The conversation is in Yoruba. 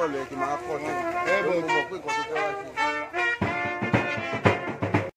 bọ́ọ̀lù ẹ̀ kì máa kọ́ ní ẹ̀ bọ́ọ̀lù mọ̀ pé nǹkan sí i.